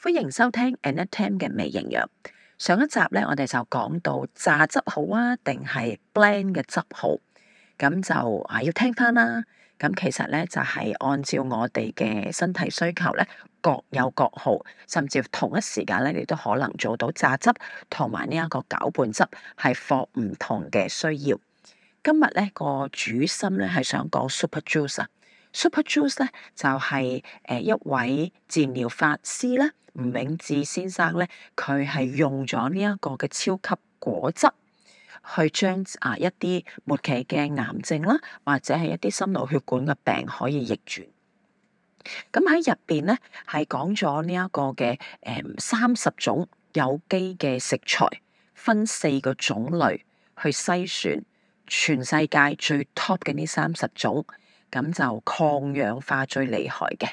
歡迎收聽 Annette Tam 嘅微營養。上一集咧，我哋就講到榨汁好啊，定係 blend 嘅汁好？咁就啊，要聽翻啦。咁其實咧，就係按照我哋嘅身體需求咧，各有各好。甚至同一時間咧，你都可能做到榨汁同埋呢一個攪拌汁係放唔同嘅需要。今日咧個主心咧係想講 Super Juice。Super Juice 咧就係、是、誒一位治療法師啦。吳永志先生咧，佢係用咗呢一個嘅超級果汁，去將啊一啲末期嘅癌症啦，或者係一啲心腦血管嘅病可以逆轉。咁喺入邊咧，係講咗呢一個嘅誒三十種有機嘅食材，分四個種類去篩選全世界最 top 嘅呢三十種，咁就抗氧化最厲害嘅。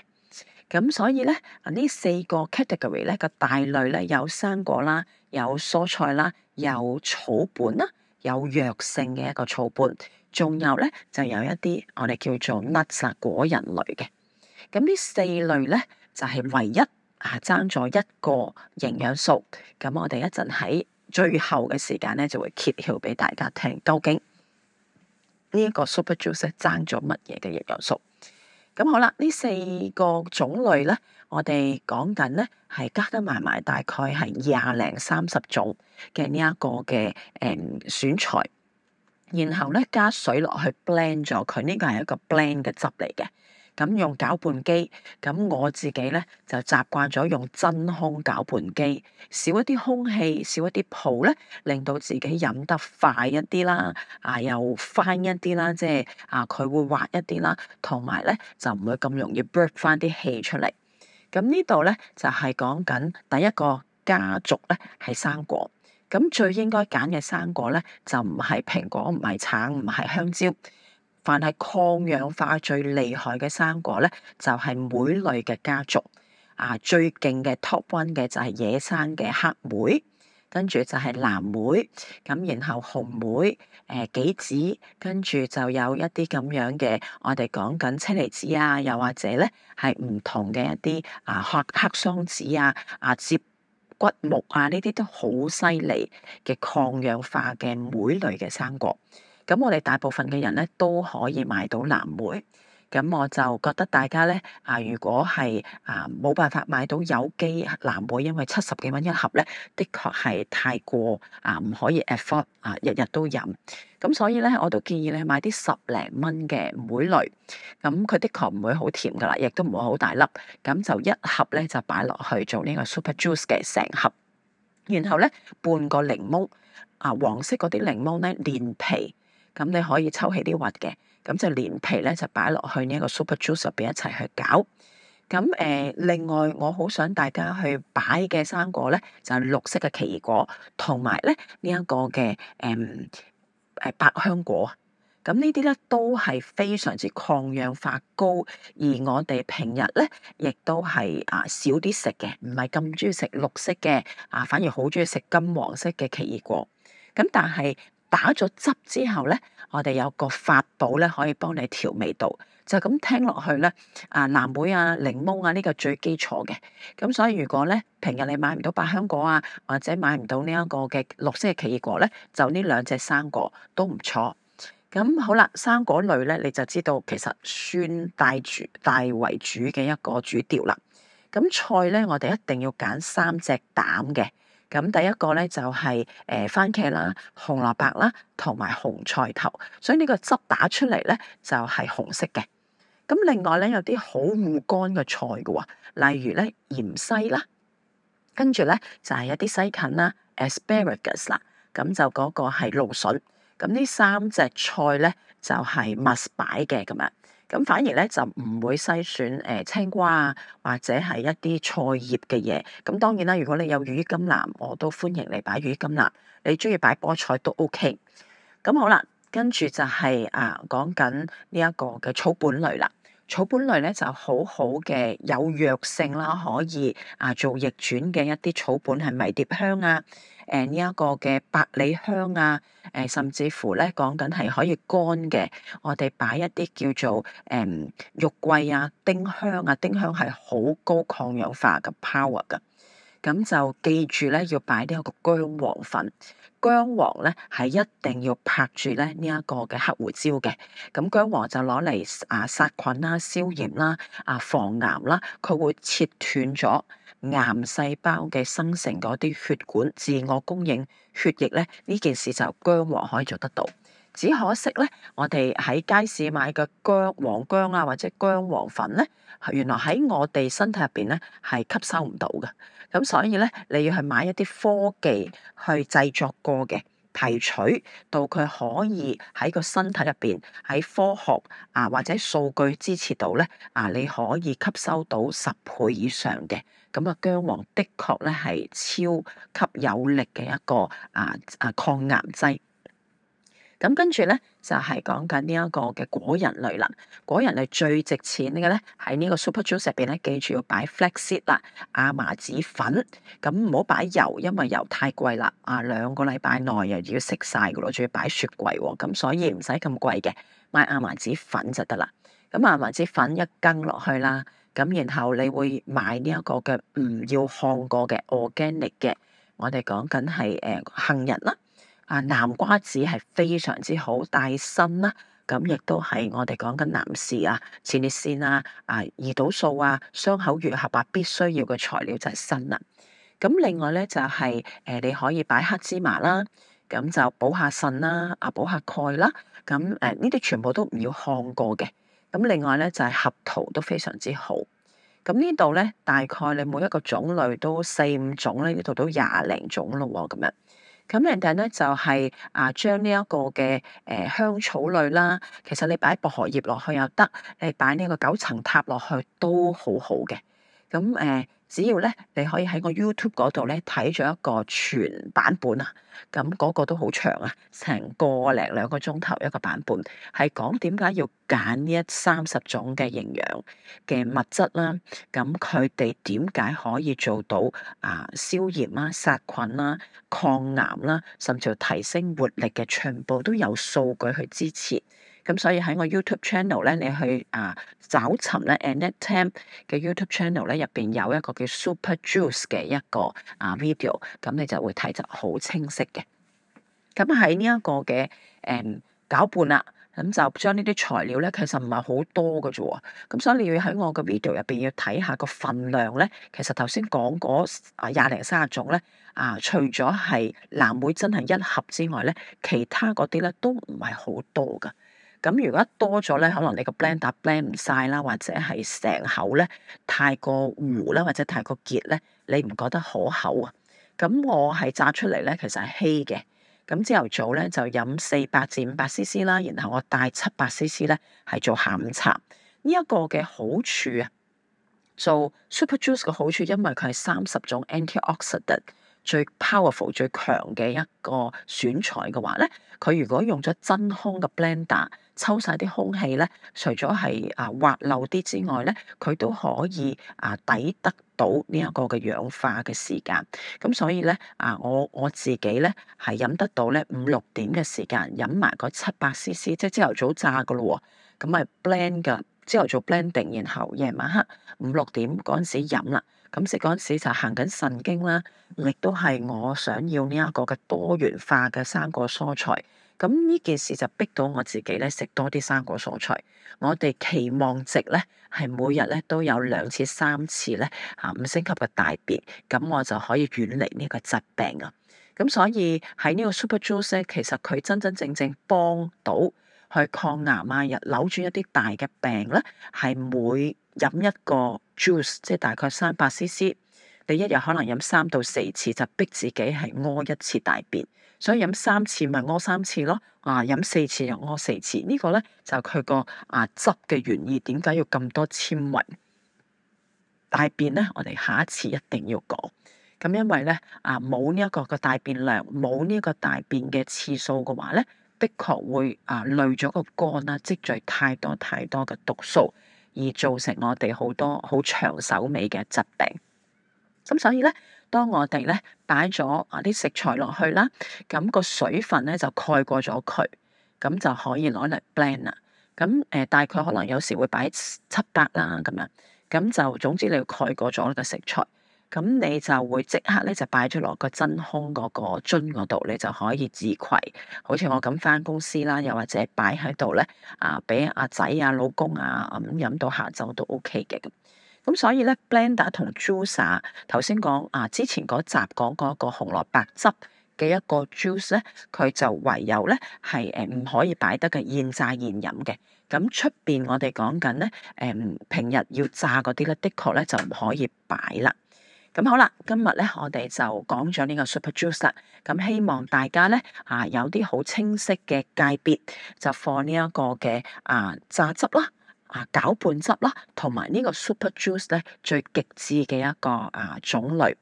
咁所以咧，呢四個 category 咧，個大類咧，有生果啦，有蔬菜啦，有草本啦，有藥性嘅一個草本，仲有咧就有一啲我哋叫做 nuts 啦果仁類嘅。咁呢四類咧就係、是、唯一啊爭咗一個營養素。咁我哋一陣喺最後嘅時間咧就會揭曉俾大家聽，究竟呢一個 super juice 爭咗乜嘢嘅營養素？咁好啦，呢四個種類咧，我哋講緊咧係加得埋埋大概係廿零三十種嘅呢一個嘅誒、嗯、選材，然後咧加水落去 blend 咗，佢、這、呢個係一個 blend 嘅汁嚟嘅。咁用攪拌機，咁我自己咧就習慣咗用真空攪拌機，少一啲空氣，少一啲泡咧，令到自己飲得快一啲啦，啊又翻一啲啦，即係啊佢會滑一啲啦，同埋咧就唔會咁容易 break 翻啲氣出嚟。咁呢度咧就係講緊第一個家族咧係生果，咁最應該揀嘅生果咧就唔係蘋果，唔係橙，唔係香蕉。凡係抗氧化最厲害嘅生果咧，就係、是、莓類嘅家族啊！最勁嘅 top one 嘅就係野生嘅黑莓，跟住就係藍莓，咁然後紅莓、誒、呃、杞子，跟住就有一啲咁樣嘅，我哋講緊車厘子啊，又或者咧係唔同嘅一啲啊黑黑桑子啊、啊接骨木啊，呢啲都好犀利嘅抗氧化嘅莓類嘅生果。咁我哋大部分嘅人咧都可以買到藍莓，咁我就覺得大家咧啊，如果係啊冇辦法買到有機藍莓，因為七十幾蚊一盒咧，的確係太過啊，唔可以 afford 啊，日日都飲。咁所以咧，我都建議你買啲十零蚊嘅莓類，咁佢的確唔會好甜㗎喇，亦都唔會好大粒，咁就一盒咧就擺落去做呢個 Super Juice 嘅成盒，然後咧半個檸檬，啊黃色嗰啲檸檬咧連皮。咁你可以抽起啲核嘅，咁就連皮咧就擺落去呢一個 super juice 入邊一齊去搞。咁誒、呃，另外我好想大家去擺嘅生果咧，就係、是、綠色嘅奇異果，同埋咧呢一、這個嘅誒誒百香果。咁呢啲咧都係非常之抗氧化高，而我哋平日咧亦都係啊少啲食嘅，唔係咁中意食綠色嘅，啊反而好中意食金黃色嘅奇異果。咁但係。打咗汁之後咧，我哋有個法寶咧，可以幫你調味道。就咁聽落去咧，啊藍莓啊、檸檬啊呢個最基礎嘅。咁所以如果咧平日你買唔到百香果啊，或者買唔到呢一個嘅綠色嘅奇異果咧，就呢兩隻生果都唔錯。咁好啦，生果類咧你就知道其實酸帶主帶為主嘅一個主調啦。咁菜咧我哋一定要揀三隻膽嘅。咁第一個咧就係誒番茄啦、紅蘿卜啦，同埋紅菜頭，所以呢個汁打出嚟咧就係紅色嘅。咁另外咧有啲好護肝嘅菜嘅喎，例如咧芫荽啦，跟住咧就係一啲西芹啦、asparagus 啦，咁就嗰個係露筍。咁呢三隻菜咧就係 must 擺嘅咁樣。咁反而咧就唔會篩選誒青瓜啊，或者係一啲菜葉嘅嘢。咁當然啦，如果你有羽甘藍，我都歡迎你擺羽甘藍。你中意擺菠菜都 OK。咁好啦，跟住就係、是、啊講緊呢一個嘅草本類啦。草本類咧就好好嘅有藥性啦，可以啊做逆轉嘅一啲草本係迷迭香啊。誒呢一個嘅百里香啊，誒、呃、甚至乎咧講緊係可以乾嘅，我哋擺一啲叫做誒、呃、肉桂啊、丁香啊，丁香係好高抗氧化嘅 power 㗎。咁就記住咧，要擺呢一個薑黃粉。薑黃咧係一定要拍住咧呢一個嘅黑胡椒嘅。咁薑黃就攞嚟啊殺菌啦、消炎啦、啊防癌啦。佢會切斷咗癌細胞嘅生成嗰啲血管自我供應血液咧，呢件事就薑黃可以做得到。只可惜咧，我哋喺街市買嘅薑黃薑啊或者薑黃粉咧，原來喺我哋身體入邊咧係吸收唔到嘅。咁所以咧，你要去買一啲科技去製作過嘅提取，到佢可以喺個身體入邊，喺科學啊或者數據支持度咧啊，你可以吸收到十倍以上嘅。咁啊，薑黃的確咧係超級有力嘅一個啊啊抗癌劑。咁、啊啊、跟住咧。就係講緊呢一個嘅果仁類啦，果仁類最值錢嘅咧喺呢個 super juice 入邊咧，記住要擺 flaxseed 啦，亞麻籽粉，咁唔好擺油，因為油太貴啦。啊，兩個禮拜內又要食晒㗎咯，仲要擺雪櫃喎、哦，咁所以唔使咁貴嘅，買亞麻籽粉就得啦。咁亞麻籽粉一羹落去啦，咁然後你會買呢一個嘅唔要看過嘅 organic 嘅，我哋講緊係誒杏仁啦。啊，南瓜子係非常之好，帶鋅啦、啊，咁亦都係我哋講緊男士啊，前列腺啊，啊，胰島素啊，傷口愈合啊，必須要嘅材料就係鋅啦。咁另外咧就係、是、誒、呃，你可以擺黑芝麻啦，咁就補下腎啦，啊，補下鈣啦。咁誒，呢、呃、啲全部都唔要看過嘅。咁另外咧就係、是、合桃都非常之好。咁呢度咧，大概你每一個種類都四五種咧，呢度都廿零種咯喎，咁樣。咁人哋咧就係啊，將呢一個嘅誒香草類啦，其實你擺薄荷葉落去又得，你擺呢個九層塔落去都好好嘅，咁誒。呃只要咧，你可以喺我 YouTube 嗰度咧睇咗一個全版本啊，咁、那、嗰個都好長啊，成個零兩個鐘頭一個版本，係講點解要揀呢一三十種嘅營養嘅物質啦。咁佢哋點解可以做到啊消炎啦、殺菌啦、抗癌啦，甚至提升活力嘅，全部都有數據去支持。咁所以喺我 YouTube channel 咧，你去啊找尋咧，Annette Tam 嘅呢 YouTube channel 咧入邊有一個叫 Super Juice 嘅一個啊 video，咁你就會睇得好清晰嘅。咁喺呢一個嘅誒、嗯、攪拌啦，咁就將呢啲材料咧，其實唔係好多嘅啫。咁所以你要喺我嘅 video 入邊要睇下個份量咧，其實頭先講嗰啊廿零三十種咧，啊除咗係藍莓真係一盒之外咧，其他嗰啲咧都唔係好多嘅。咁如果多咗咧，可能你個 bl blend 搭 blend 唔晒啦，或者係成口咧太過糊啦，或者太過結咧，你唔覺得好口啊？咁我係榨出嚟咧，其實係稀嘅。咁朝頭早咧就飲四百至五百 c c 啦，然後我帶七百 c c 咧係做下午茶。呢、這、一個嘅好處啊，做 super juice 嘅好處，因為佢係三十種 antioxidant。最 powerful、最強嘅一個選材嘅話咧，佢如果用咗真空嘅 blender 抽晒啲空氣咧，除咗係啊滑溜啲之外咧，佢都可以啊抵得到呢一個嘅氧化嘅時間。咁所以咧啊，我我自己咧係飲得到咧五六點嘅時間飲埋嗰七百 CC，即係朝頭早榨噶咯喎。咁咪 blend 噶，朝頭早 blending，然後夜晚黑五六點嗰陣時飲啦。咁食嗰陣時就行緊神經啦，亦都係我想要呢一個嘅多元化嘅生果蔬菜。咁呢件事就逼到我自己咧食多啲生果蔬菜。我哋期望值咧係每日咧都有兩次，次呢、三次咧嚇五星級嘅大便，咁我就可以遠離呢個疾病啊。咁所以喺呢個 Super Juice，其實佢真真正正幫到去抗癌抗癌、扭轉一啲大嘅病咧，係每。飲一個 juice，即係大概三百 cc，你一日可能飲三到四次，就逼自己係屙一次大便。所以飲三次咪屙三次咯，啊飲四次又屙四次。這個、呢個咧就佢、是、個啊汁嘅原意，點解要咁多纖維大便咧？我哋下一次一定要講。咁、嗯、因為咧啊，冇呢一個個大便量，冇呢一個大便嘅次數嘅話咧，的確會啊累咗個肝啦，積聚太多太多嘅毒素。而造成我哋好多好長手尾嘅疾病，咁所以咧，當我哋咧擺咗啊啲食材落去啦，咁個水分咧就蓋過咗佢，咁就可以攞嚟 blend 啦。咁誒、呃、大概可能有時會擺七百啦咁樣，咁就總之你要蓋過咗呢個食材。咁你就會即刻咧就擺咗落個真空嗰個樽嗰度，你就可以自攜。好似我咁返公司啦，又或者擺喺度咧啊，俾阿仔啊、老公啊咁飲、嗯、到下晝都 OK 嘅咁。咁所以咧 blender 同 juice，頭、啊、先講啊，之前嗰集講嗰個紅蘿蔔汁嘅一個 juice 咧，佢就唯有咧係誒唔可以擺得嘅現榨現飲嘅。咁出邊我哋講緊咧誒，平日要榨嗰啲咧，的確咧就唔可以擺啦。咁好啦，今日咧我哋就講咗呢個 Super Juice 啦。咁希望大家咧啊有啲好清晰嘅界別，就放呢一個嘅啊榨汁啦、啊攪拌汁啦，同埋呢個 Super Juice 咧最極致嘅一個啊種類。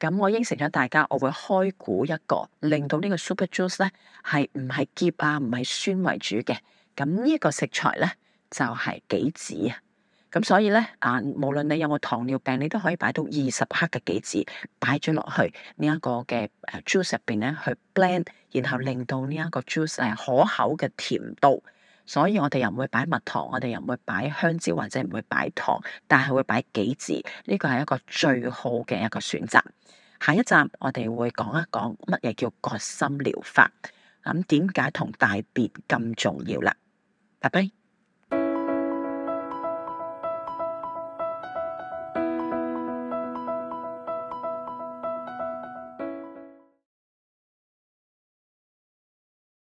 咁我應承咗大家，我會開估一個，令到呢個 Super Juice 咧係唔係澀啊、唔係酸為主嘅。咁呢一個食材咧就係杞子啊。咁所以咧，啊，無論你有冇糖尿病，你都可以擺到二十克嘅杞子擺咗落去，這個，呢一個嘅 juice 入邊咧，去 blend，然後令到呢一個 juice 係可口嘅甜度。所以我哋又唔會擺蜜糖，我哋又唔會擺香蕉或者唔會擺糖，但係會擺杞子。呢個係一個最好嘅一個選擇。下一集我哋會講一講乜嘢叫葛森療法，咁點解同大便咁重要啦？拜拜。